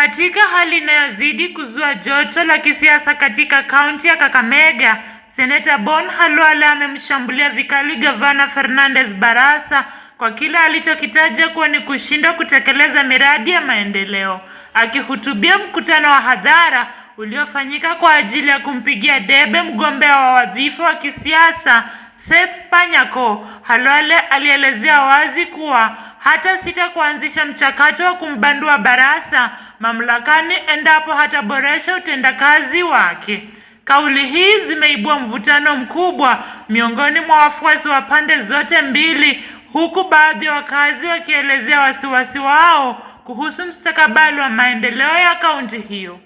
Katika hali inayozidi kuzua joto la kisiasa katika kaunti ya Kakamega, Seneta Bon Halwala amemshambulia vikali Gavana fernandez Barasa kwa kile alichokitaja kuwa ni kushindwa kutekeleza miradi ya maendeleo. Akihutubia mkutano wa hadhara uliofanyika kwa ajili ya kumpigia debe mgombea wa wadhifa wa kisiasa Seth Panyako, Halwale alielezea wazi kuwa hata sita kuanzisha mchakato wa kumbandua Barasa mamlakani endapo hataboresha utendakazi wake. Kauli hii zimeibua mvutano mkubwa miongoni mwa wafuasi wa pande zote mbili, huku baadhi ya wakazi wakielezea wasiwasi wao kuhusu mstakabali wa maendeleo ya kaunti hiyo.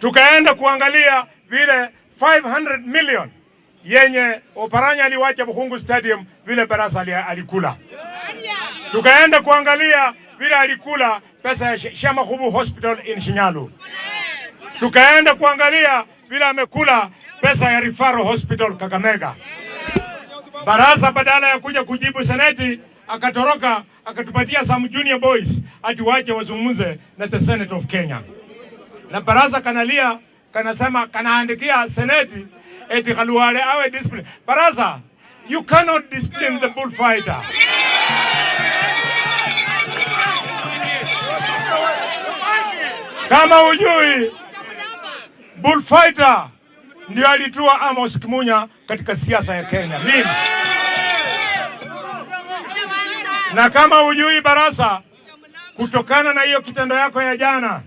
Tukaenda kuangalia vile 500 million yenye Oparanya aliwacha Buhungu Stadium vile Barasa alikula tukaenda kuangalia vile alikula pesa ya Shamakubu Hospital in Shinyalu, tukaenda kuangalia vile amekula pesa ya Rifaro Hospital Kakamega. Barasa badala ya kuja kujibu seneti akatoroka akatupatia some junior boys ati waje wazungumze na the Senate of Kenya, na barasa kanalia kanasema kanaandikia seneti eti Khalwale awe discipline. Barasa, you cannot discipline the bullfighter. Yeah. Kama ujui bullfighter ndio alitua Amos Kimunya katika siasa ya Kenya mimi. Na kama ujui Barasa, kutokana na hiyo kitendo yako ya jana,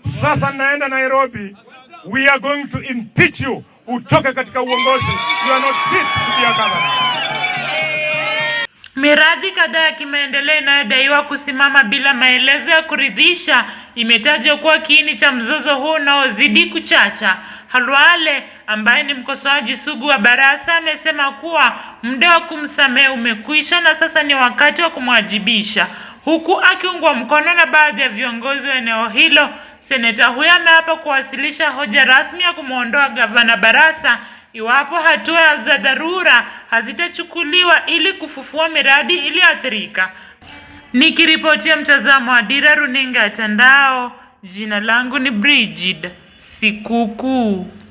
sasa naenda Nairobi, we are going to impeach you, utoke katika uongozi. You are not fit to be a governor. Miradi kadhaa ya kimaendeleo inayodaiwa kusimama bila maelezo ya kuridhisha imetajwa kuwa kiini cha mzozo huu unaozidi kuchacha. Halwale ambaye ni mkosoaji sugu wa Barasa amesema kuwa muda wa kumsamehe umekwisha na sasa ni wakati wa kumwajibisha, huku akiungwa mkono na baadhi ya viongozi wa eneo hilo. Seneta huyo ameapa kuwasilisha hoja rasmi ya kumwondoa gavana Barasa iwapo hatua za dharura hazitachukuliwa ili kufufua miradi iliyoathirika. Nikiripotia mtazamo wa Dira Runinga ya Tandao, jina langu ni Brigid Sikukuu.